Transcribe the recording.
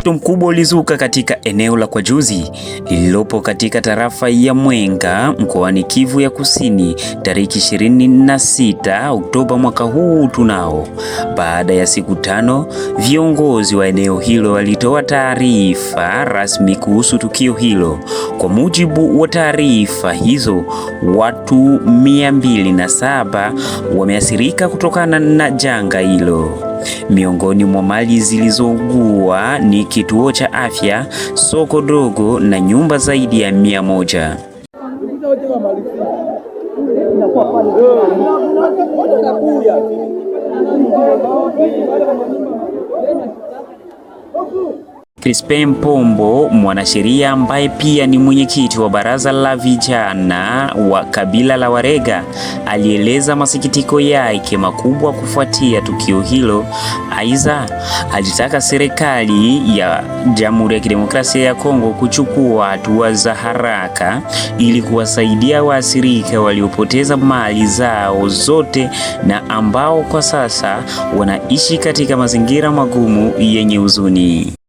Moto mkubwa ulizuka katika eneo la Kwajuzi lililopo katika tarafa ya Mwenga mkoani Kivu ya Kusini tariki 26 Oktoba mwaka huu tunao. Baada ya siku tano, viongozi wa eneo hilo walitoa taarifa rasmi kuhusu tukio hilo. Kwa mujibu wa taarifa hizo, watu 207 wameathirika kutokana na janga hilo. Miongoni mwa mali zilizougua ni kituo cha afya, soko dogo na nyumba zaidi ya mia moja. Crispin Pombo, mwanasheria ambaye pia ni mwenyekiti wa baraza la vijana wa kabila la Warega, alieleza masikitiko yake makubwa kufuatia tukio hilo. Aidha, alitaka serikali ya Jamhuri ya Kidemokrasia ya Kongo kuchukua hatua za haraka ili kuwasaidia waathirika waliopoteza mali zao zote na ambao kwa sasa wanaishi katika mazingira magumu yenye huzuni.